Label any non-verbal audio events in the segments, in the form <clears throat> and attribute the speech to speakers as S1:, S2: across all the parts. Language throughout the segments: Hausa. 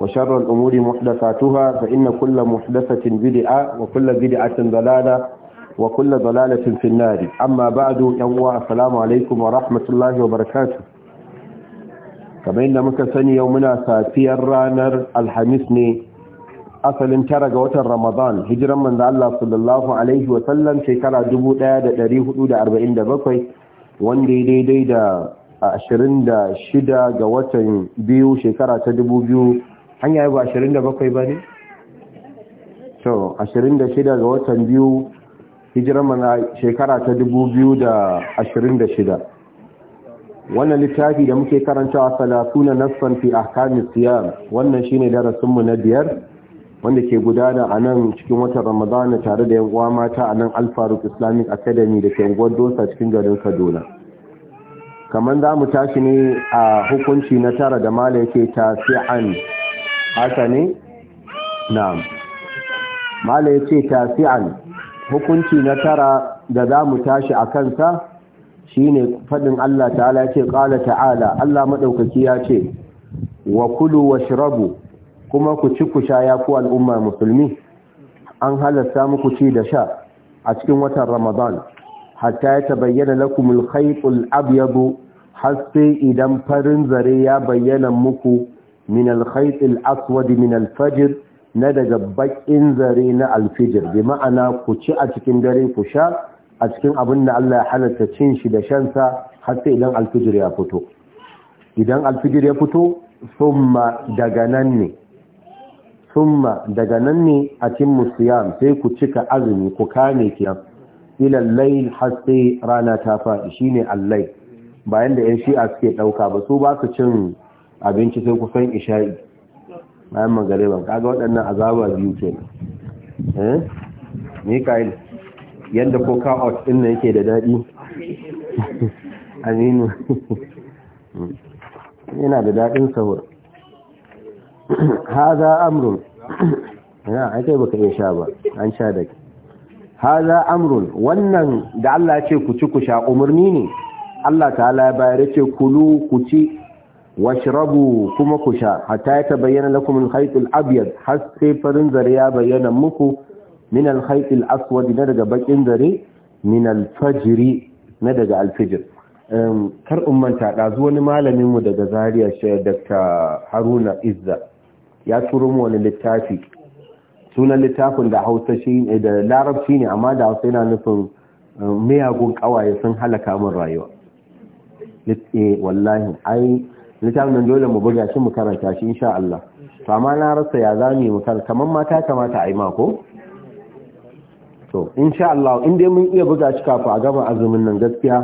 S1: وشر الأمور محدثاتها فإن كل محدثة بدعة وكل بدعة ضلالة وكل ضلالة في النار أما بعد يوم السلام عليكم ورحمة الله وبركاته كما إن مكسني يومنا ساتي الرانر الحميسني أصل ترق وتر رمضان هجرا من الله صلى الله عليه وسلم شكرا جبو دا دا ريه دا أربعين دا بقي وان دي دي دي دا أشرين دا شدا جواتن بيو شكرا تدبو بيو hanya ba 27 ba ne? to 26 ga watan biyu hijirar mana shekara ta da 2026 wannan littafi da muke karantawa salatuna nassan fi ahkamis siyam wannan shine darasinmu na biyar wanda ke gudana a nan cikin watan ramadana tare da yan mata a nan alfaruk islamic academy da ke unguwar dosa cikin garin kaduna kamar za mu tashi ne a hukunci na tara da mala yake tasi'an haka ne na'am mala yace tasi'an hukunci na tara da zamu tashi a kansa shine faɗin Allah ta'ala yace ƙala ta'ala Allah madaukaki yace wa kulu washrabu kuma ku ci ku sha ya ku al'umma musulmi an halasta muku ci da sha a cikin watan Ramadan hatta ya tabayyana lakumul khaytul abyadu har sai idan farin zare ya bayyana muku min al-khayt al-aswad na daga baƙin zare na alfijir bi ma'ana ku ci a cikin dare ku sha a cikin abin da Allah ya halatta cin shi da shansa har sai idan alfijir ya fito idan alfijir ya fito summa daga nan ne daga nan ne a cin musiyam sai ku cika azumi ku kame kiyan ila layl har sai rana ta faɗi shine allai bayan da yan shi'a suke ɗauka ba su ba su cin abinci sai kusan isha'i bayan magariba kaga waɗannan azaba biyu ce. eh mikael yadda ko out ɗin nan yake da daɗi <laughs> aminu <laughs> yana da daɗin sahur <clears throat> haza amrun <clears throat> ya ake baka iya sha ba an sha da haza amrun wannan da Allah ce ku ci ku sha umarni ne Allah ta ya bayar ce kulu ku ci washrabu kuma ku sha hatta ya tabayyana lakum al-khayt al-abyad har sai farin zare ya bayyana muku min al-khayt al-aswad na daga bakin zare min al-fajr na daga al-fajr um, kar ummanta ɗazu wani malamin mu daga Zariya shi Dr. Haruna Izza ya turo mu wani littafi sunan littafin da Hausa shi da Larabci ne amma da Hausa yana nufin um, miyagun kawaye sun halaka mun rayuwa eh, wallahi ai littafin nan dole mu buga shi mu karanta shi insha Allah to amma na rasa ya mu kan kaman mata kamata ai mako to insha Allah in dai mun iya buga shi kafin a gama azumin nan gaskiya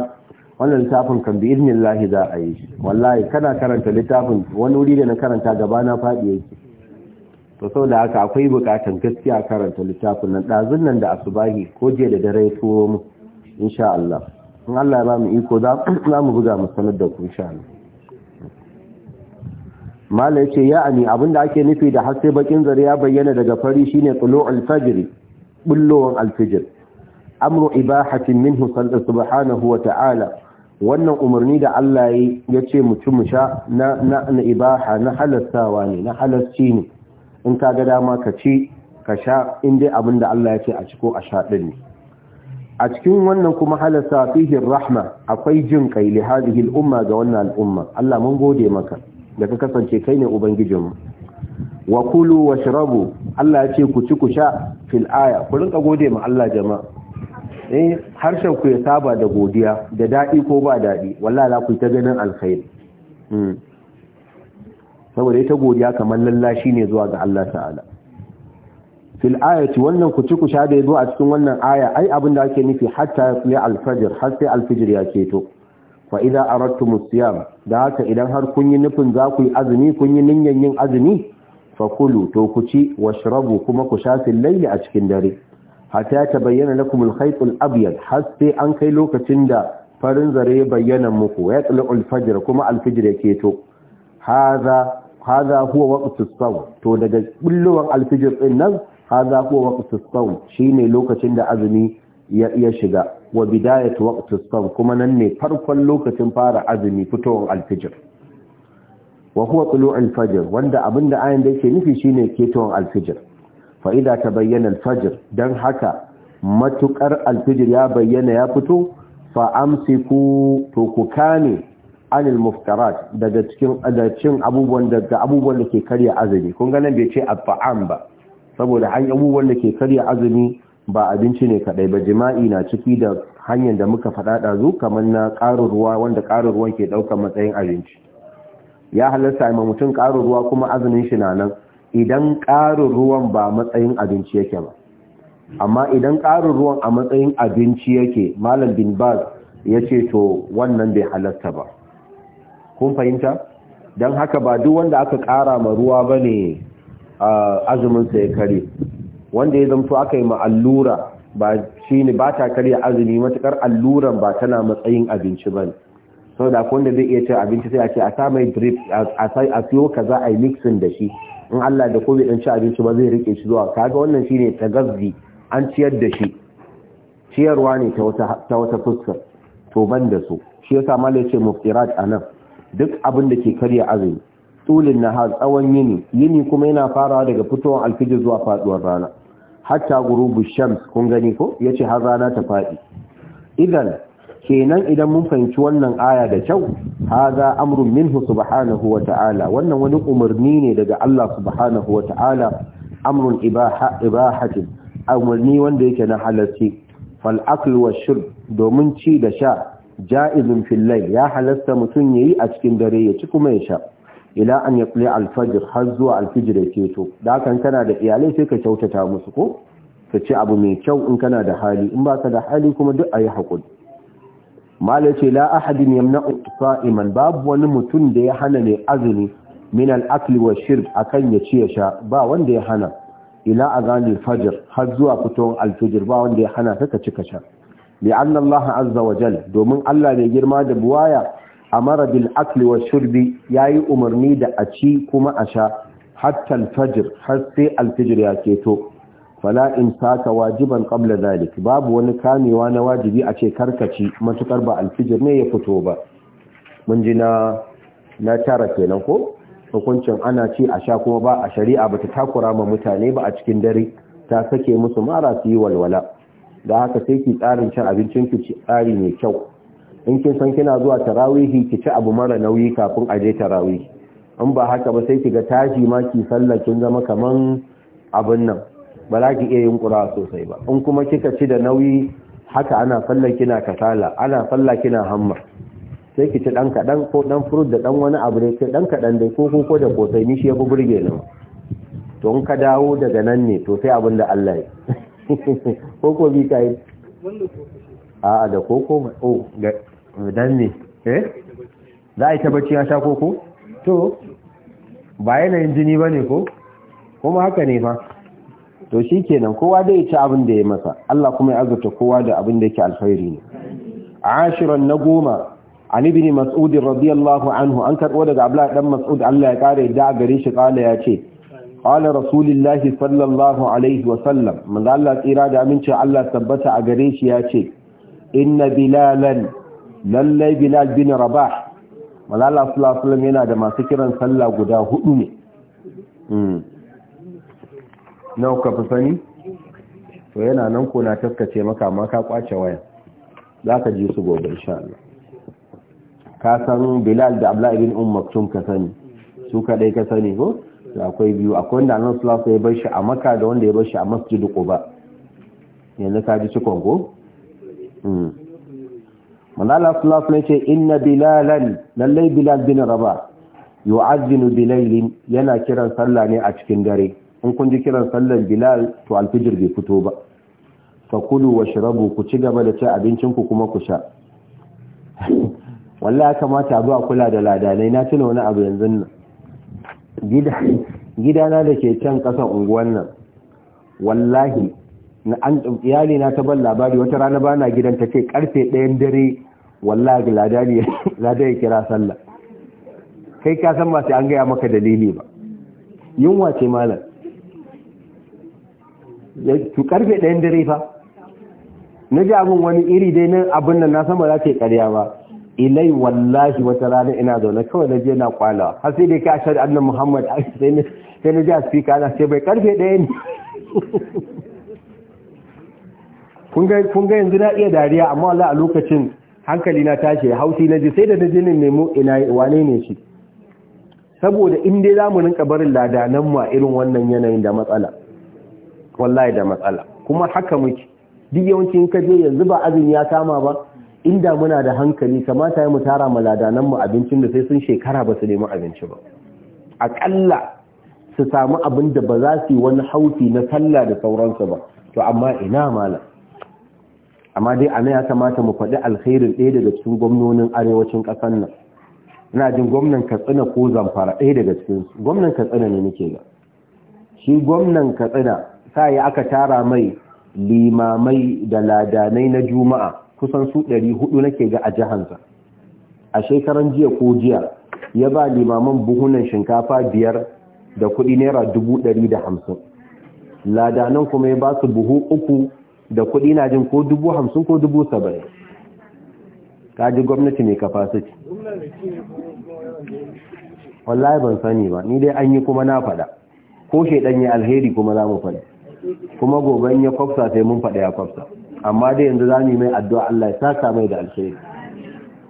S1: wannan littafin kan bi idnillahi za a yi wallahi kana karanta littafin wani wuri da na karanta gaba na fadi yake to sau haka akwai bukatan gaskiya karanta littafin nan ɗazun nan da asubahi ko je da dare turo mu insha Allah in Allah ya ba mu iko za mu buga mu sanar da ku insha Allah mala ya ce ya'ani abinda ake nufi da har sai bakin zare ya bayyana daga fari shine tsulo alfajiri bullowan alfijir amru ibahatin minhu subhanahu wa ta'ala wannan umarni da Allah ya ce mutum sha na na ibaha na halastawa ne na halasci ne in ka ga dama ka ci ka sha in dai abin da Allah ya a ciko a sha din a cikin wannan kuma halasta fihi rahma akwai jin kai li hadhihi al umma ga wannan al'umma Allah mun gode maka da ka kasance kai ne ubangijinmu wa kulu wa shirabu Allah ya ce ku ci ku sha fil aya ku rinka gode ma Allah jama'a eh harshen ku ya saba da godiya da dadi ko ba dadi wallahi la ku ta ganin alkhair. hmm saboda ita godiya kamar lallashi ne zuwa ga Allah ta'ala fil ayati wannan ku ci ku sha da yazo a cikin wannan aya ai abin da ake nufi hatta ya alfajr har sai alfajr ya keto fa idza aradtum siyam da haka idan har kun yi nufin za ku yi azumi kun yi niyyar yin azumi fa kulu to ku ci washrabu kuma ku sha fil a cikin dare hatta tabayyana lakum al khayt al abyad har sai an kai lokacin da farin zare ya bayyana muku ya tsala al fajr kuma al fajr yake to hadha hadha huwa waqtus sawm to daga bullowan al fajr din nan hadha huwa waqtus sawm shine lokacin da azumi ya shiga wa bidayat waqtis sawm kuma nan ne farkon lokacin fara azumi fitowar alfijir wa huwa tulu'ul fajr wanda abinda ayin da yake nufi shine ketowar alfijir Fa'ida ta bayyana alfajr dan haka matukar alfijir ya bayyana ya fito fa amsiku to ku kane anil muftarat daga cikin adacin abubuwan da ke karya azumi kun ga nan bai ce fa'am ba saboda an abubuwan da ke karya azumi ba abinci ne kadai ba jima'i na ciki da hanyar da muka faɗa zuwa kamar na ƙarin ruwa wanda ƙarin ruwan ke ɗaukar matsayin abinci ya halarta ma mutum ƙarin ruwa kuma azumin shi na nan idan ƙarin ruwan ba matsayin abinci yake ba amma idan ƙarin ruwan a matsayin abinci yake malam bin baz ya ce to wannan bai halarta ba kun fahimta don haka ba duk wanda aka ƙara ma ruwa ba ne ah, azuminsa ya kare wanda ya zamto aka yi allura ba shi ne ba ta karya azumi matukar alluran ba tana matsayin abinci ba ne. sau da wanda zai iya ce abinci sai a ce a sa mai drip a siyo ka za a yi mixin da shi in Allah da ko bai ci abinci ba zai rike shi zuwa kaga wannan shi ne ta tagazzi an ciyar da shi ciyarwa ne ta wata to ban da su shi ya yasa mala yace muftirat nan, duk abin da ke karya azumi tulin har tsawon yini yini kuma yana farawa daga fitowar alfijir zuwa faduwar rana hatta gurubu shams kun gani ko ya ce har rana ta faɗi idan kenan idan mun fahimci wannan aya da kyau haza amrun minhu subhanahu wa ta'ala wannan wani umarni ne daga Allah subhanahu wa ta'ala amrun ibahatin umarni wanda yake na halarci fal akl wa domin ci da sha jaizin fillai ya ya halasta ya yi a cikin dare ya ci kuma ya sha ila an ya al alfajir har zuwa alfijir ya keto da kana da iyalai sai ka kyautata musu ko ka ci abu mai kyau in kana da hali in baka da hali kuma duk ayi hakuri mala ce la ahadin yamna'u iman. babu wani mutum da ya hana ne azumi min al-akli wa shirb akan ya ci ya sha ba wanda ya hana ila azani fajir har zuwa fitowar alfijir ba wanda ya hana ka ci ka sha li'anna Allah azza wa domin Allah mai girma da buwaya amara bil akli wa shurbi yayi umarni da a ci kuma a sha hatta al har sai al ya keto fala'in saka wajiban qabla zalik babu wani kamewa na wajibi a ce karkaci matukar ba al ne ya fito ba mun ji na tara kenan ko hukuncin ana ci a sha kuma ba a shari'a bata takura ma mutane ba a cikin dare ta sake musu mara su yi walwala da haka sai ki tsarin cin abincin ki tsari mai kyau in kin san kina zuwa tarawihi ki ci abu mara nauyi kafin aje tarawihi in ba haka ba sai ki ga tashi ma ki sallah kin zama kaman abin nan ba za ki iya yin ƙura sosai ba in kuma kika ci da nauyi haka ana sallah kina kasala ana sallah kina hamma sai ki ci dan kadan ko dan furut da dan wani abu ne sai dan kaɗan dai ko ko da kosai ni shi ya fi burge ni to in ka dawo daga nan ne to sai abin da Allah ya <laughs> ko ko bi kai a da koko oh dan ne eh za a yi tabbaci ya sha koko to ba yanayin jini ba ne ko kuma haka ne fa to shi kenan kowa dai ci abin da ya masa Allah kuma ya azurta kowa da abin da yake alfairi ne a ashirar na goma an ibini mas'udin radiyallahu anhu an karbo daga abla dan mas'ud Allah ya yadda a gare shi ƙala ya ce qala rasulullahi sallallahu alaihi wa sallam manzo Allah tsira da aminci Allah tabbata a gare shi ya ce inna bilalan lallai bilal bin rabah malala sulasulam yana da masu kiran sallah guda hudu ne hmm. na ka fi sani to yana nan ko na taskace maka maka ka kwace waya za ka ji su gobe insha Allah ka san bilal da abla ibn um ka sani su kaɗai ka sani ko akwai biyu akwai wanda nan sallallahu ya bar shi a maka da wanda ya bar shi a ko ba. yanzu ka ji cikon ko mm manala sallallahu ne ce inna bilalan lallai bilal bin raba yu'azzinu bilailin yana kiran sallah ne a cikin dare in kun ji kiran sallan bilal to alfijir bai fito ba kudu wa shirabu ku ci gaba da ci abincin ku kuma ku sha <laughs> ya kamata abu a kula da ladanai na tuna wani abu yanzu nan gidana da ke can ƙasa unguwan nan wallahi na iyali na ta ban labari wata rana ba gidan ta ce karfe ɗayan dare wallahi ladani <laughs> ya kira sallah kai ka san ba sai an gaya maka dalili ba yunwa ce malam tu karfe ɗayan dare fa na ji abin wani iri dai na abin nan na san ba za ta yi ba ilai wallahi wata rana ina zaune kawai na je na kwalawa har sai dai ka shaɗi annan muhammad <laughs> sai na ji a sai ce bai karfe ɗaya ne <laughs> kun ga yanzu na iya dariya amma Allah a lokacin hankali na tashi hausi na ji sai da naje ne nemo ina wane ne shi saboda in dai zamu rinka barin ladanan mu a irin wannan yanayin da matsala wallahi da matsala kuma haka muke duk yawancin ka je yanzu ba azumi ya kama ba inda muna da hankali kamata ya mu tara mu nan mu abincin da sai sun shekara ba su nemi abinci ba akalla su samu abin da ba za su yi wani hauti na sallah da sauransu ba to amma ina malam amma dai ana ya kamata mu faɗi alkhairin ɗaya daga cikin gwamnonin arewacin ƙasar nan ina jin gwamnan katsina ko zamfara ɗaya daga cikin gwamnan katsina ne nake ga shi gwamnan katsina sa ya aka tara mai limamai da ladanai na juma'a kusan su ɗari hudu nake ga a jihansa a shekaran jiya ko jiya ya ba limaman buhunan shinkafa biyar da kuɗi naira dubu ɗari da hamsin. ladanan kuma ya ba su buhu uku da kuɗi na jin ko dubu hamsin ko dubu saba'in ka ji gwamnati mai kafasiti wallahi ban sani ba ni dai an yi kuma na faɗa ko shaidan ya alheri kuma za mu faɗi kuma gobe ya kwafsa sai mun faɗi ya kwafsa amma dai yanzu za yi mai addu'a Allah ya saka mai da alheri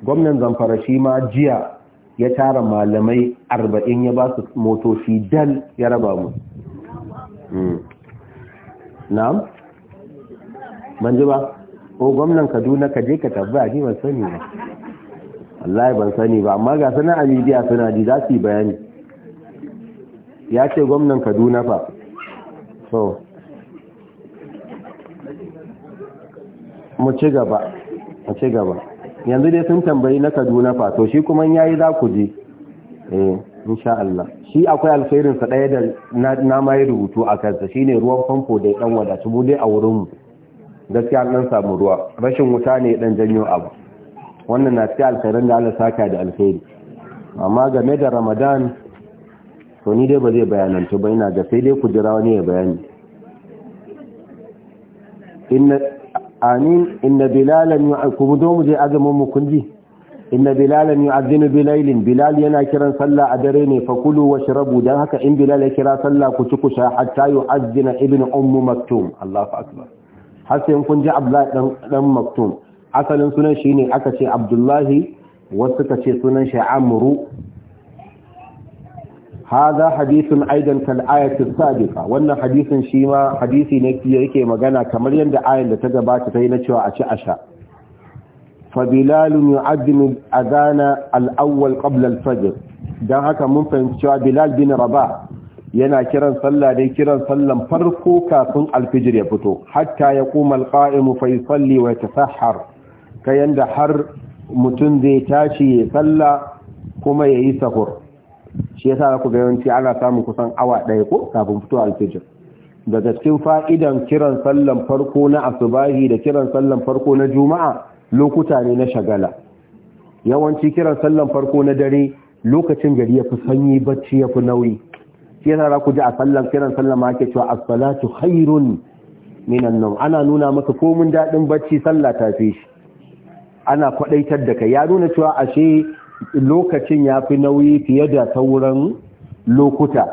S1: gwamnan zamfara shi ma jiya ya tara malamai arba'in ya ba su motoci dal ya raba mu hmm. na'am ban ji ba ko gwamnan kaduna ka je ka tabba a ban sani ba wallahi ban sani ba amma ga sana a media suna ji za su yi bayani ya ce gwamnan kaduna fa so mu ci gaba mu ci gaba yanzu dai sun tambayi na kaduna fa to shi kuma ya yi za ku je eh insha Allah shi akwai alkhairinsa ɗaya da na mai rubutu a kansa shine ruwan famfo da ya ɗan wadatu mu dai a wurinmu gaskiya an dan samu ruwa rashin wuta ne dan janyo abu wannan na cikin alkhairin da Allah saka da alheri. amma game da Ramadan to ni dai ba zai bayanantu ba ina ga sai dai ku jira wani ya bayani inna amin inna bilalan yu'akum do mu je azumin mu kunji inna bilalan bi bilalin, bilal yana kiran sallah a dare ne fakulu washrabu dan haka in bilal ya kira sallah ku ci ku sha hatta yu'adhina ibnu ummu maktum Allahu akbar har sai kun ji abdullahi dan maktum asalin sunan shi ne aka ce abdullahi wasu ka ce sunan shi amru هذا aidan kal كالايه السابقه wannan hadisin shi ma hadisi ne yake magana kamar yanda ayan da ta gabata ta yi na cewa a ci asha fa bilal yu'addim adana al-awwal qabla al-fajr dan haka mun fahimci cewa bilal bin rabah yana kiran sallah dai kiran sallan farko kafin alfijir ya fito hatta ya kuma alqa'imu fa yusalli wa yatasahhar kayan da har mutum zai tashi ya salla kuma yayi sahur shi yasa ku ga yawanci ana samun kusan awa ɗaya ko kafin fito alfijir daga cikin fa'idan kiran sallan farko na asubahi da kiran sallan farko na juma'a lokuta ne na shagala yawanci kiran sallan farko na dare lokacin gari ya fi sanyi bacci ya fi nauyi shi yana za ku ji a sallan kiran sallan ma ake cewa as-salatu khairun minan nawm ana nuna maka mun dadin bacci sallah ta fi shi ana kwadaitar da kai ya nuna cewa ashe lokacin ya fi nauyi fiye da sauran lokuta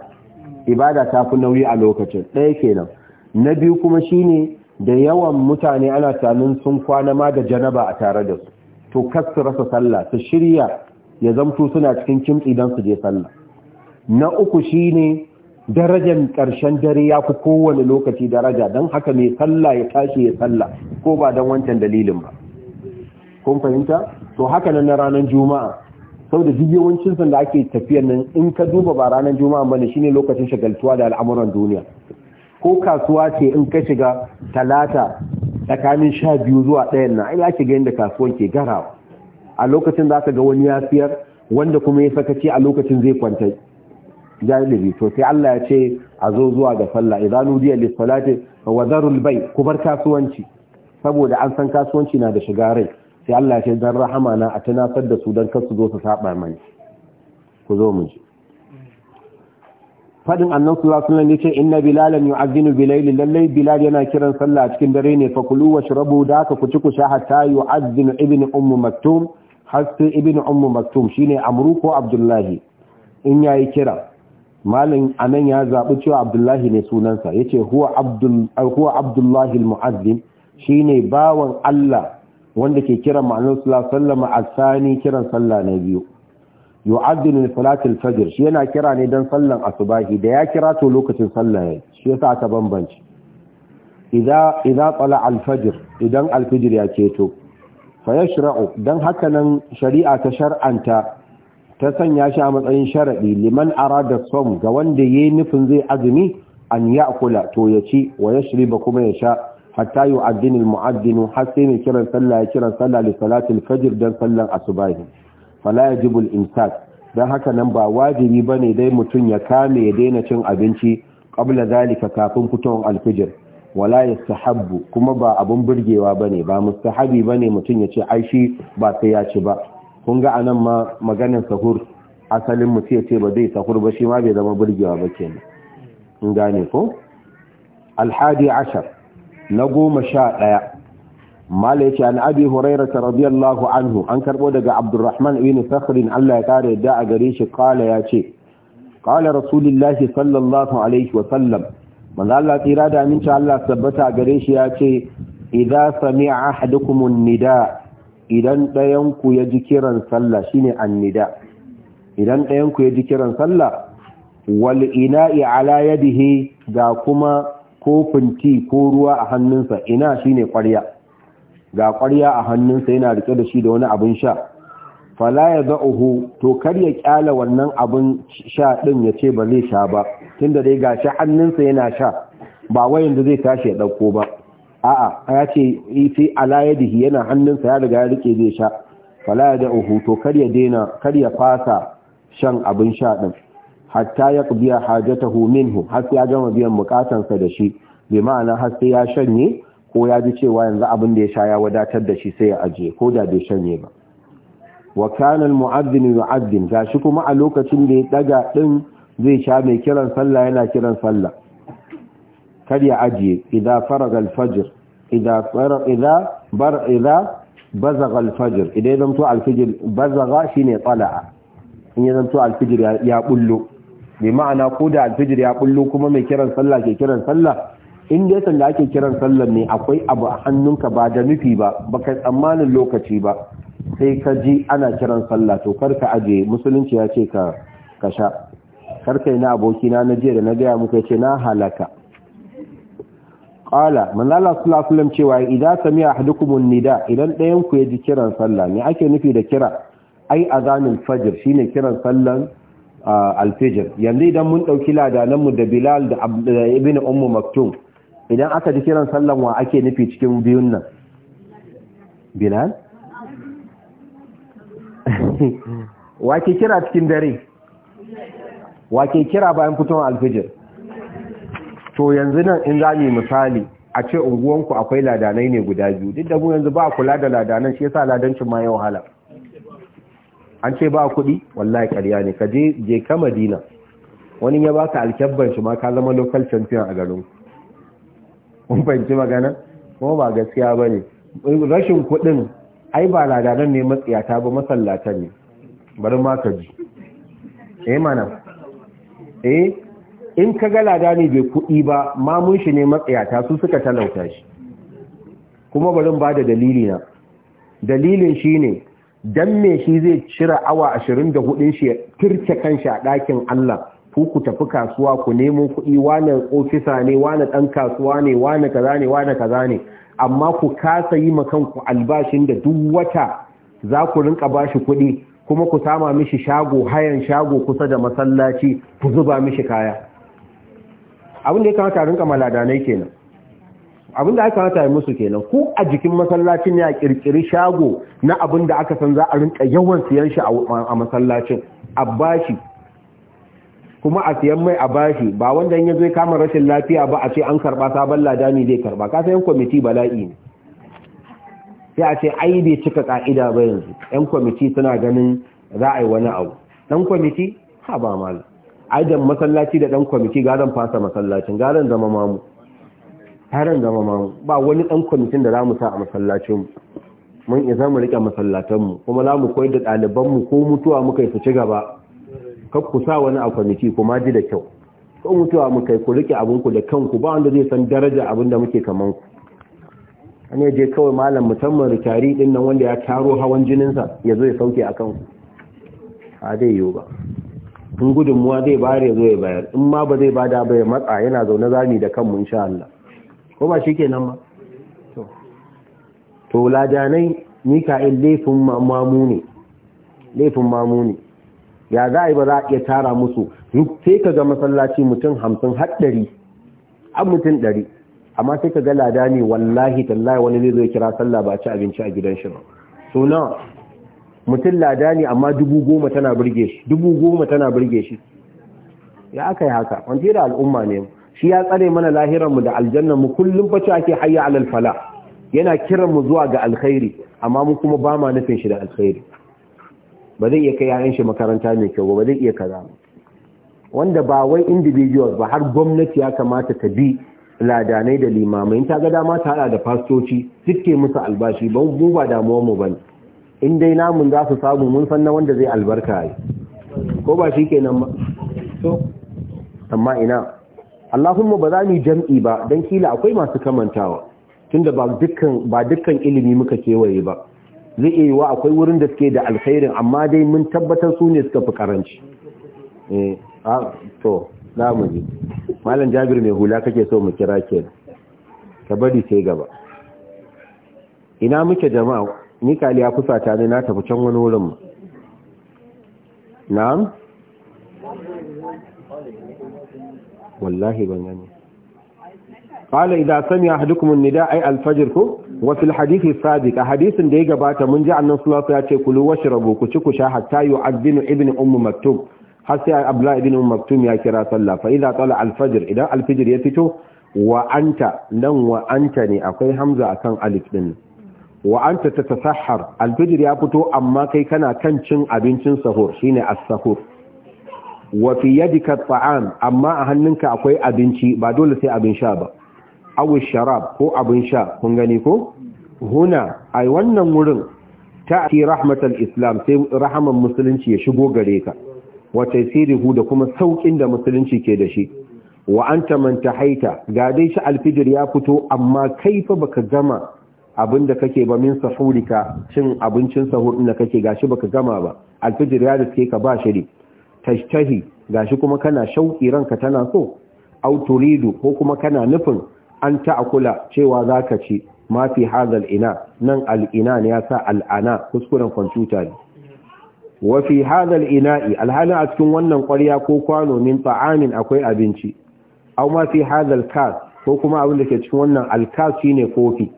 S1: ibada ta fi nauyi a lokacin ɗaya kenan na biyu kuma shine da yawan mutane ana tunanin sun kwana ma da janaba a tare da su to kar su rasa sallah su shirya ya zamto suna cikin kimtsi don su je sallah na uku shi ne darajar ƙarshen dare ya fi kowane lokaci daraja don haka mai sallah ya tashi ya sallah ko ba don wancan dalilin ba kun fahimta to haka nan na ranar juma'a saboda duk yawancin sanda ake tafiyar nan in ka duba ba ranar juma'a bane shine lokacin shagaltuwa da al'amuran duniya ko kasuwa ce in ka shiga talata tsakanin sha biyu zuwa ɗayan na ake gani yadda kasuwan ke garawa a lokacin za ka ga wani ya siyar wanda kuma ya sakaci a lokacin zai kwanta galibi to sai Allah ya ce a zo zuwa ga sallah idan udiya li salati wa darul bay ku bar kasuwanci saboda an san kasuwanci na da shiga rai sai Allah ya ce dan rahama na a da su dan kar su zo su saba mani ku zo mu ji fadin annabi sallallahu alaihi wasallam yace inna bilalan yu'adhdhinu bilayli lallai bilal yana kiran sallah cikin dare ne fa kulu washrabu da ka ku ci ku sha hatta yu'adhdhinu ibnu ummu maktum har ibnu ummu maktum shine amru ko abdullahi in yayi kira malin anan ya zaɓi cewa abdullahi ne sunansa ya ce huwa abdullahi al-mu'azzim shi ne bawan Allah wanda ke kiran ma'anar sallama a sani kiran sallah na biyu yu'addin salatul fajr shi yana kira ne dan sallan asubahi da ya kira to lokacin sallah yayi shi yasa aka bambanci Iza tsala tala idan al ya ceto fa yashra'u dan haka nan shari'a ta shar'anta ta sanya shi a matsayin sharaɗi liman arada som ga wanda yayi nufin zai azumi an kula. to ya ci wa ba kuma ya sha hatta yu'addin addinin muaddin har sai mai kiran sallah ya kiran sallah li salatil fajr dan sallan asubahi fala yajibu al-imsak dan haka nan ba wajibi bane dai mutun ya kame ya daina cin abinci qabla zalika kafin fitowar al-fajr wala yastahabbu kuma ba abun burgewa bane ba mustahabi bane mutun ya ci ai shi ba sai ya ci ba kun ga anan ma maganin sahur asalin mutum ya ce ba zai sahur ba shi ma bai zama burgewa ba kenan in gane ko alhadi ashar na goma sha ɗaya mala ya an abi huraira ta radiyallahu anhu an karɓo daga abdurrahman ibn sakhrin allah ya kare da a gare shi kala ya ce kala rasulillahi sallallahu alaihi wa sallam manzo allah tsira da aminci allah tabbata gare shi ya ce idza sami'a ahadukum nida idan ɗayanku ya ji kiran sallah shine annida idan ɗayanku ya ji kiran sallah wal ina'i ala yadihi ga kuma kofin ti ko ruwa a hannunsa ina shi ne ƙwarya ga ƙwarya a hannunsa yana rike da shi da wani abin sha fala ya za'uhu to kar ya ƙyala wannan abin sha ɗin ya ce ba zai sha ba tunda dai ga shi hannunsa yana sha ba wayan da zai tashi ya ɗauko ba a'a ya ce eh, sai ala yadihi yana hannunsa ya riga ya rike zai sha fala da uhu to kar ya daina kar ya fasa shan abin sha din hatta ya biya hajatahu minhu har sai ya gama biyan bukatansa da shi bi ma'ana har sai ya shanye ko ya ji cewa yanzu abin da ya sha ya wadatar da shi sai ya ajiye ko da bai shanye ba wa kana al-mu'adhdhin yu'adhdhin gashi kuma a lokacin da ya daga din zai sha mai kiran sallah yana kiran sallah kar ya ajiye idan faraga alfajir idan idan bar idan bazaga alfajir idan zan to alfajir bazaga ne tsala'a in ya zanto alfijir ya bullo bi ma'ana ko da alfijir ya bullo kuma mai kiran sallah ke kiran sallah in dai sanda ake kiran sallah ne akwai abu a hannunka ba da nufi ba baka tsammanin lokaci ba sai ka ji ana kiran sallah to kar ka aje musulunci ya ce ka ka sha kar kai na abokina na jiya da na gaya muka ce na halaka qala manzo Allah sallallahu alaihi wasallam cewa idza sami'a ahadukum nida idan ɗayan ku ya ji kiran sallah ne ake nufi da kira ai azanin fajr shine kiran sallan alfijir yanzu idan mun dauki ladanan mu da Bilal da Ibn Ummu Maktum idan aka ji kiran sallan wa ake nufi cikin biyun nan Bilal <laughs> ke kira cikin dare wa ke kira bayan fitowar alfijir to yanzu nan in za misali a ce unguwanku akwai ladanai ne guda biyu duk da mu yanzu ba kula da ladanan shi yasa ladancin ma ya wahala an ce ba kuɗi wallahi ƙarya ne ka je je ka Madina wani ya baka alkyabban shi ma ka zama local champion a garin kun fahimci magana kuma ba gaskiya ba ne. rashin kuɗin ai ba ladanan ne matsiyata ba masallatan ne bari ma ka ji eh mana eh in ka ga lada ne bai kuɗi ba mamun shi ne matsayata su suka talauta shi kuma barin ba da dalili na dalilin shi ne don me shi zai cira awa 24 shi ya kan kanshi a ɗakin Allah ku ku tafi kasuwa ku nemo kuɗi wane ofisa ne wane ɗan kasuwa ne wane kaza ne wane kaza ne amma ku kasa yi ma kanku albashin da duk wata za ku rinka bashi kuɗi kuma ku sama mishi shago hayan shago kusa da masallaci ku zuba mishi kaya abin da ya kamata a rinka maladanai kenan abin da aka kamata ya musu kenan ku a jikin masallacin ya a kirkiri shago na abin da aka san za a rinka yawan siyan shi a masallacin Abashi kuma a siyan mai a bashi ba wanda ya yazo ya kama rashin lafiya ba a ce an karba sabon ladani zai karba ka san kwamiti bala'i ne sai a ce ai bai cika ka'ida ba yanzu yan kwamiti suna ganin za a yi wani abu dan kwamiti ha ba mala aidan masallaci da dan kwamiti garan fasa masallacin garan zama mamu taron zama mamu ba wani dan kwamitin da za mu sa a masallacin mun isa mu rike masallatanmu kuma za mu koyar da ɗalibanmu ko mutuwa muka yi su ci gaba kar ku sa wani a kwamiti kuma ji da kyau ko mutuwa muka yi ku rike abinku da kanku ba wanda zai san daraja abin da muke kaman ku an je kawai malam musamman rikari ɗin nan wanda ya taro hawan jininsa ya zo ya sauke a kanku a dai yiwu ba in gudunmuwa zai bayar ya zo ya bayar in ma ba zai bada ba ya matsa yana zaune zami da kanmu insha Allah ko ba shi kenan ba to ladanai mika'il laifin mamu ne laifin mamu ne ya za a yi ba za a iya tara musu sai ka ga masallaci mutum hamsin haɗari an mutum ɗari amma sai ka ga lada ne wallahi tallahi wani zai zo kira sallah ba ci abinci a gidan shi ba so mutum lada ne amma dubu goma tana birge shi dubu goma tana birge shi ya aka yi haka wanda da al'umma ne shi ya tsare mana lahiranmu da aljanna mu kullum bace ake hayya alal fala yana kiran mu zuwa ga alkhairi amma mu kuma ba ma nufin shi da alkhairi ba zai iya kai yayan shi makaranta mai kyau ba zai iya kaza wanda ba wai individuals ba har gwamnati ya kamata ta bi ladanai da limamai ta ga dama ta hada da fastoci suke musu albashi ba mu ba damuwar mu bane in dai namun za su samu mun san na wanda zai albarka yi ko ba shi kenan ba so amma ina Allahumma ba za mu jam'i ba don kila akwai masu kamantawa tunda ba dukkan ba dukkan ilimi muka kewaye ba zai iya yiwa akwai wurin da suke da alkhairin amma dai mun tabbatar su ne suka fi karanci eh a to za mu ji malam jabir mai hula kake so mu kira ke ka bari sai gaba ina muke jama'a Ni k'Aliya kusa ta ne na tafi can wani wurin ma na'am wallahi ban gani qala idza sami'a ahadukum an-nida ay al-fajr ku wa fil hadith as-sadiq hadithin da ya gabata mun ji annabi sallallahu alaihi wasallam ya ce kulu washrabu ku ci ku sha hatta yu'adhdhinu ibnu ummu maktub har sai abla ibn maktum ya kira sallah fa idza tala al-fajr idan al-fajr ya fito wa anta nan wa anta ne akwai hamza akan alif din wa ta tatasahhar alfijir ya fito amma kai kana kan cin abincin sahur shine as-sahur wa fi yadika ta'am amma a hannunka akwai abinci ba dole sai abin sha ba aw sharab ko abin sha kun gani ko huna ai wannan wurin Ta ta'ti rahmatal islam sai rahaman musulunci ya shigo gare ka wa tasirihu da kuma saukin da musulunci ke da shi wa anta man tahaita ga dai shi alfijir ya fito amma kai fa baka gama abin da kake ba min sahurika cin abincin sahur din da kake gashi baka gama ba alfijir ya riske ka ba shiri tashtahi gashi kuma kana shauki ranka tana so au turidu ko kuma kana nufin an ta'akula cewa zaka ci ma fi hadal ina nan al'ina ne ya sa al'ana kuskuren kwamfuta ne wa fi hadal ina'i alhalin a cikin wannan ƙwarya ko kwano min ta'amin akwai abinci au ma fi hadal kas ko kuma abin da ke cikin wannan alkas shine kofi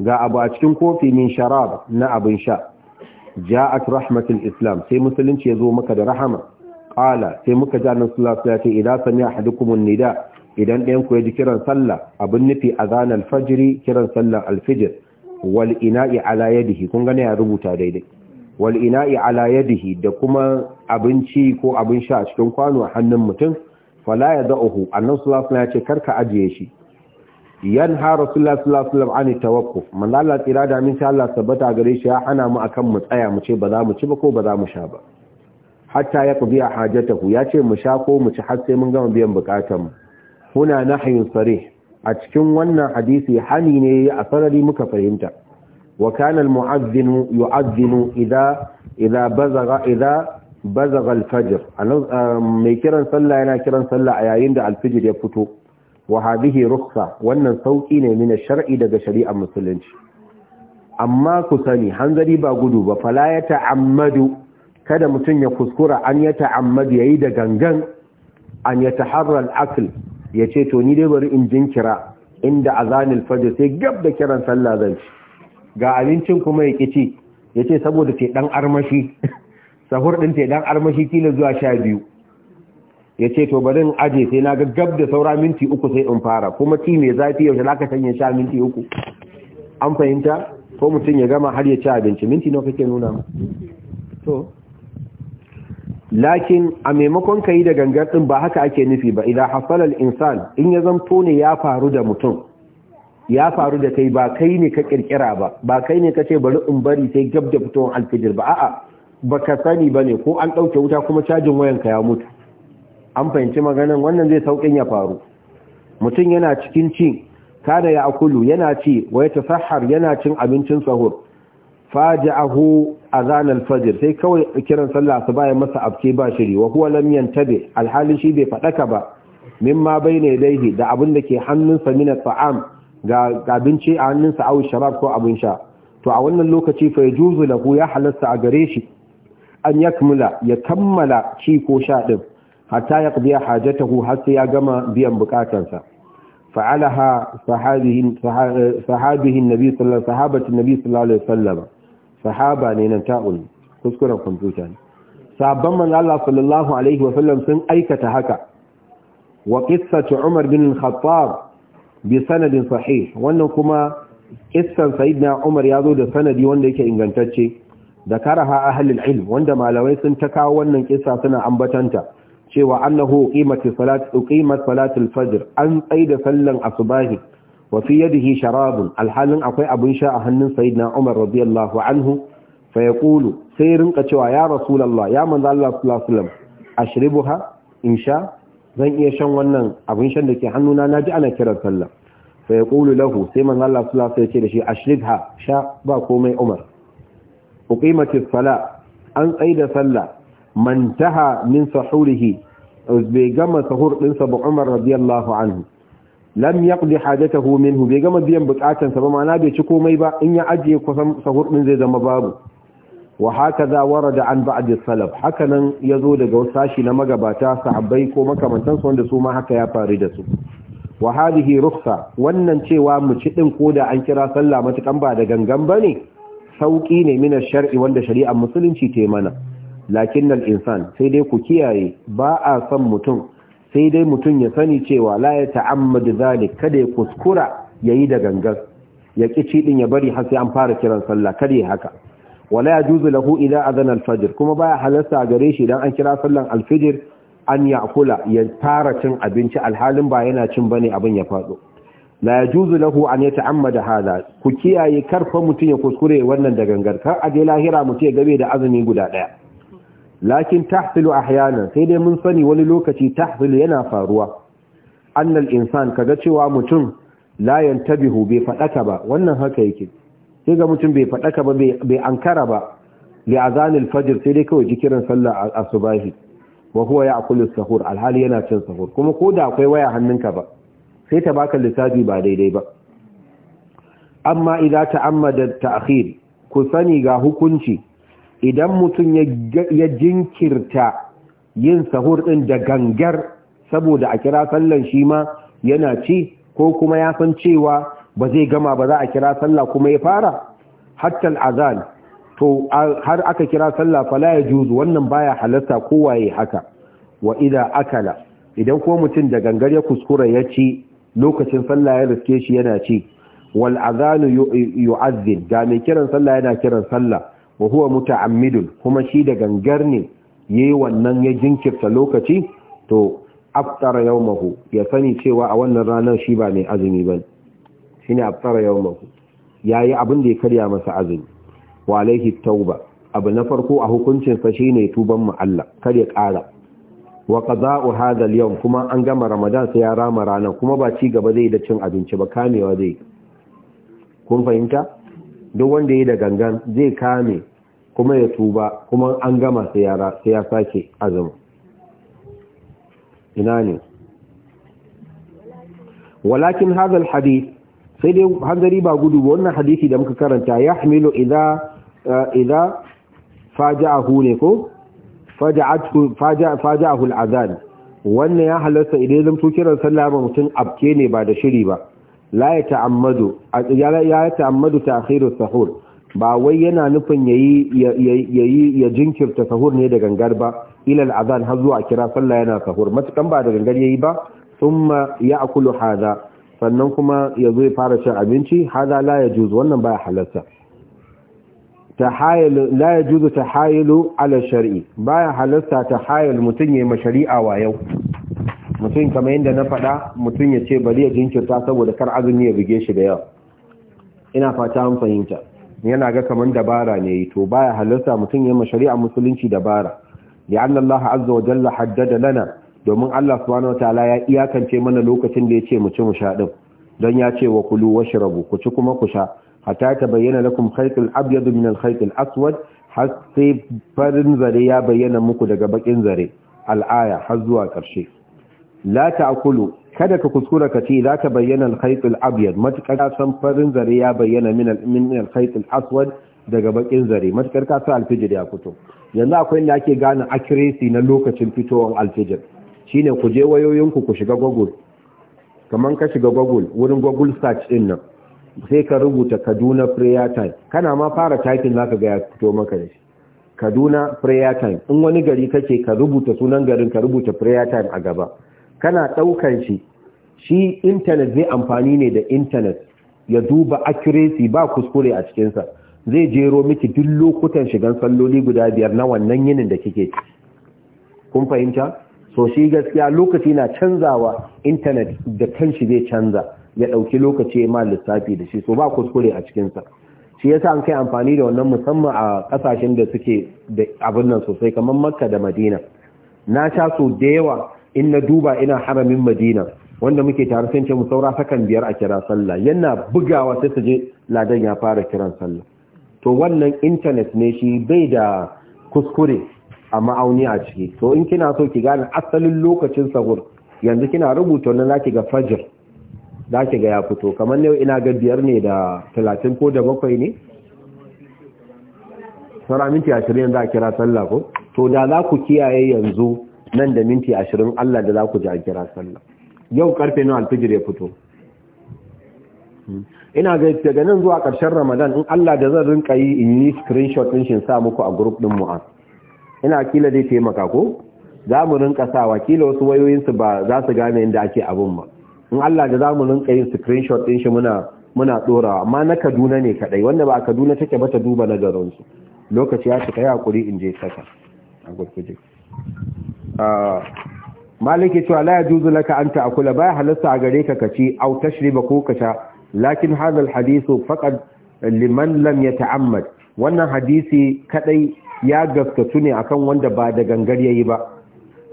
S1: ga abu a cikin kofi min sharab na abin sha ja'at rahmatul islam sai musulunci yazo maka da rahama qala sai muka ji annabi sallallahu alaihi wasallam idan sami ni nida idan ɗayan ku ya ji kiran sallah abin nufi azan al-fajr kiran sallar alfijir wal ina'i ala yadihi kun ne ya rubuta daidai wal ina'i ala yadihi da kuma abinci ko abin sha a cikin kwano a hannun mutum fala ya annabi sallallahu alaihi wasallam ya ce karka ajiye shi yanha rasulullah sallallahu alaihi wasallam an tawakkuf manzo Allah da min sha Allah gare shi ya hana mu akan mu tsaya mu ce ba za mu ci ba ko ba za mu sha ba hatta ya a hajatahu ya ce mu sha ko mu ci har sai mun gama biyan bukatun mu huna nahyun sarih a cikin wannan hadisi hani ne a sarari muka fahimta wa kana al bazaga idza bazaga al fajr mai kiran sallah yana kiran sallah a yayin da al fajr ya fito Wahabihi, hadhihi rukhsa wannan sauki ne min shar'i daga shari'ar musulunci amma ku sani hanzari ba gudu ba fala ya ta'ammadu kada mutum ya kuskura an ya ta'ammadu yayi da gangan an ya taharra al-akl yace to ni dai bari in jinkira inda azanil fajr sai gab da kiran sallah zan ci ga abincin kuma ya kici yace saboda ke dan armashi <laughs> sahur din ce dan armashi kila zuwa 12 ya ce to bari in aje sai na ga gab da saura minti uku sai in fara kuma ti mai zafi yaushe za ka sanya sha minti uku an fahimta ko mutum ya gama har ya ci abinci minti nawa kake nuna ma to lakin a maimakon ka da gangar din ba haka ake nufi ba idan hasalar insan in ya zanto ne ya faru da mutum ya faru da kai ba kai ne ka kirkira ba ba kai ne ka ce bari in bari sai gab da fitowar alfijir ba a'a ba ka sani ba ne ko an ɗauke wuta kuma cajin wayanka ya mutu an fahimci maganin wannan zai sauƙin ya faru mutum yana cikin cin. kada ya akulu yana ci wa ya yana cin abincin sahur hu a zanen fajir, sai kawai kiran sallah su bayan masa abke ba shiri wa kuwa lamiyan tabe alhali shi bai faɗaka ba ma bai ne daihi da abin da ke hannunsa mina fa'am ga abinci a hannunsa aw sharab ko abin sha to a wannan lokaci fa juzu lahu ya halasta a gare shi an ya kammala ci ko sha din hatta ya biya hajatahu har sai ya gama biyan bukatarsa fa'alaha sahabihin sahabihin nabi sallallahu sahabati nabi sallallahu alaihi wasallam sahaba ne nan ta'ul kuskuren kwamfuta ne sabban manzo Allah sallallahu alaihi wasallam sun aikata haka wa qissatu umar bin al-khattab bi sanadin sahih wannan kuma qissan sayyidina umar yazo da sanadi wanda yake ingantacce da karaha ahlul ilm wanda malamai sun ta kawo wannan kissa suna ambatanta cewa annahu qimatu salat uqimat salatul fajr an tsaida sallan asbahi wa fi yadihi sharabun alhalin akwai abun sha a hannun sayyidina Umar radiyallahu anhu fa yaqulu sai rinka cewa ya rasulullah ya manzo Allah sallallahu alaihi wasallam ashribuha insha zan iya shan wannan abun shan dake hannuna naji ana kiran sallah fa yaqulu lahu sai manzo Allah sallallahu alaihi wasallam ya ce da shi ashribha sha ba komai Umar uqimatis sala an tsaida sallah mantaha min sahurihi bai gama sahur ɗinsa ba umar radiyallahu anhu lam yaqdi hajatahu minhu bai gama biyan bukatansa ba ma'ana bai ci komai ba in ya ajiye kusan sahur ɗin zai zama babu wa hakaza warada an ba'd salaf hakanan yazo daga sashi na magabata sahabbai ko makamantansu wanda su ma haka ya faru da su wa hadhihi rukhsa wannan cewa mu ci din koda an kira sallah matukan ba da gangan bane sauki ne min shar'i wanda shari'ar musulunci ta mana lakin nan insan sai dai ku kiyaye ba a son mutum sai dai mutum ya sani cewa la ya ta'ammadu zalik kada ya kuskura yayi da gangan ya ki din ya bari har sai an fara kiran sallah kada ya haka wala juzu lahu idan adana al-fajr kuma baya halasta gare shi idan an kira sallan al-fajr an ya'kula ya fara cin abinci alhalin ba yana cin bane abin ya fado la yajuzu lahu an yata'ammada hada ku kiyaye karfa mutum ya kuskure wannan da gangar kar a je lahira mutum ya gabe da azumi guda daya lakin tahsilu ahyanan sai dai mun sani wani lokaci tahsilu yana faruwa annal insan kaga cewa mutum la yantabihu bai fadaka ba wannan haka yake sai ga mutum bai fadaka ba bai ankara ba li azanil fajr sai dai kawai jikiran sallah asubahi wa huwa ya'kulu sahur alhali yana cin sahur kuma ko da akwai waya hannunka ba sai ta baka lissafi ba daidai ba amma idza ta'ammada ta'khir ku sani ga hukunci idan mutum ya jinkirta yin sahur ɗin da gangar saboda a kira sallan shi ma yana ci ko kuma ya san cewa ba zai gama ba za a kira sallah kuma ya fara hatta azan to har aka kira sallah fala ya juzu wannan baya halatta ya haka wa idan akala idan kuma mutum da gangar ya kuskura ya ci lokacin sallah ya riske shi yana ci wal azanu yu'azzin ga mai kiran sallah yana kiran sallah wa huwa muta'ammidun kuma shi da gangar ne yayi wannan ya jinkirta lokaci to aftara yawmahu ya sani cewa a wannan ranar shi ba mai azumi bane shine aftara yawmahu yayi abin da ya karya masa azumi wa alaihi tauba abu na farko a hukuncin sa shine tuban mu Allah kar ya kara. wa qada'u hadha al-yawm kuma an gama ramadan sai ya rama ranar kuma ba ci gaba zai da cin abinci ba kamewa zai kun fahimta duk wanda ya yi da gangan zai kame kuma ya tuba kuma an gama sai ya sake azumi ina ne walakin hadal hadith sai dai hanzari ba gudu ba wannan hadisi da muka karanta ya hamilu idza eh, faja'ahu ne ko faja'ahu al'azan wannan ya halarta idan zan kiran sallah ba mutum abke ne ba da shiri ba la ya ta'ammadu ya sahur ba wai yana nufin yayi yayi ya jinkirta sahur ne da gangar ba ila al'adhan har zuwa kira sallah yana sahur matukan ba da gangar yayi ba thumma ya'kulu hadha sannan kuma yazo ya fara cin abinci hadha la yajuz wannan baya halatta tahayul la yajuz tahayulu ala shar'i baya halatta tahayul mutun yayi ma shari'a wa yau mutum kamar yadda na faɗa mutum ya ce bari ya jinkirta saboda kar azumi ya buge shi da yawa ina fata an fahimta yana ga kamar dabara ne yi to baya halarta mutum ya shari'a musulunci dabara li'anna Allah azza wa jalla haddada lana domin Allah subhanahu wataala ya iyakance mana lokacin da ya ce mu ci mu sha din don ya ce wa kulu washrabu ku ci kuma ku sha hatta bayyana lakum khaytul abyad min al khaytil aswad har sai farin zare ya bayyana muku daga bakin zare al'aya har zuwa karshe. la ta'kulu kada ka kuskura ka ce za ka bayyana al-khayt al-abyad san farin zare ya bayyana min al aswad daga bakin zare matukar ka sa al ya fito yanzu akwai inda ake gane accuracy na lokacin fitowar al shine ku je wayoyinku ku shiga Google kaman ka shiga Google wurin Google search din nan sai ka rubuta Kaduna prayer time kana ma fara typing zaka ga ya fito maka da shi Kaduna prayer time in wani gari kake ka rubuta sunan garin ka rubuta prayer time a gaba kana ɗaukan shi shi intanet zai amfani ne da intanet ya duba accuracy ba kuskure a cikinsa zai jero miki duk lokutan shigan salloli guda biyar na wannan yinin da kike kun fahimta so shi gaskiya lokaci na canzawa intanet da kan shi zai canza ya ɗauki lokaci ma lissafi da shi so ba kuskure a cikinsa shi yasa an kai amfani da wannan musamman a ƙasashen da suke da abin nan sosai kamar makka da madina na sha so da yawa in na duba ina haramin madina wanda muke tare sun ce mu saura sakan biyar a kira sallah yana bugawa sai su je ladan ya fara kiran sallah to wannan internet ne shi bai da kuskure a ma'auni a ciki to in kina so ki gane asalin lokacin sahur yanzu kina rubuta wannan zaki ga fajr zaki ga ya fito kamar ne ina ga biyar ne da 30 ko da bakwai ne sara minti 20 a kira sallah ko to da za ku kiyaye yanzu nan da minti ashirin Allah da za ku ji a kira sallah yau karfe na alfijir ya fito hmm. ina ga da nan zuwa ƙarshen ramadan in Allah da zan rinka yi in yi screenshot ɗin shin sa muku a group ɗin a? ina kila zai taimaka ko za mu rinka sawa kila wasu wayoyinsu ba za su gane inda ake abun ba in Allah da za mu rinka yin screenshot ɗin shi muna muna ɗorawa amma na kaduna ne kaɗai wanda ba a kaduna take ba ta duba na garinsu lokaci ya cika ya hakuri in je saka a gurguje Ah. malike cewa la yajuzu laka an ta'kula ba halasta a gare ka kaci aw tashriba ko kasha lakin hadha alhadithu faqad liman lam yata'ammad wannan hadisi kadai ya gaskatu ne akan wanda ba da gangar yayi ba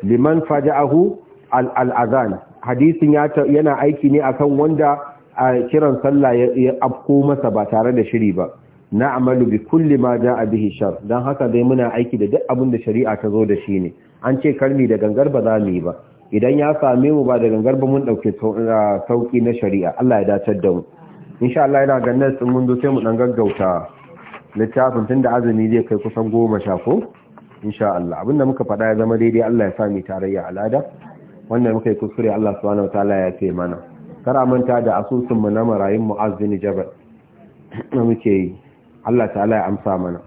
S1: liman faja'ahu al-adhan hadisin yana aiki ne akan wanda a kiran sallah ya afko masa ba tare da shiri ba na'malu bi kulli ma ja'a bihi shar dan haka dai muna aiki da duk abinda shari'a ta zo da shi ne an ce karmi da gangar ba za mu yi ba idan ya same mu ba da gangar ba mun dauke sauki na shari'a Allah ya dace da mu insha Allah ina ganin sun mun zo sai mu dan gaggauta littafin tunda azumi zai kai kusan goma sha ko insha Allah abinda muka faɗa ya zama daidai Allah ya sa mu tarayya alada wannan muka yi kuskure Allah subhanahu wataala ya ce mana kar manta da asusun mu na marayin mu'azzin jabal muke yi Allah ta'ala ya amsa mana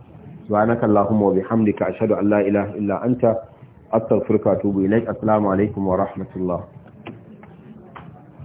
S1: allahumma wa bihamdika ashhadu an la ilaha illa anta أستغفرك وأتوب إليك السلام عليكم ورحمة الله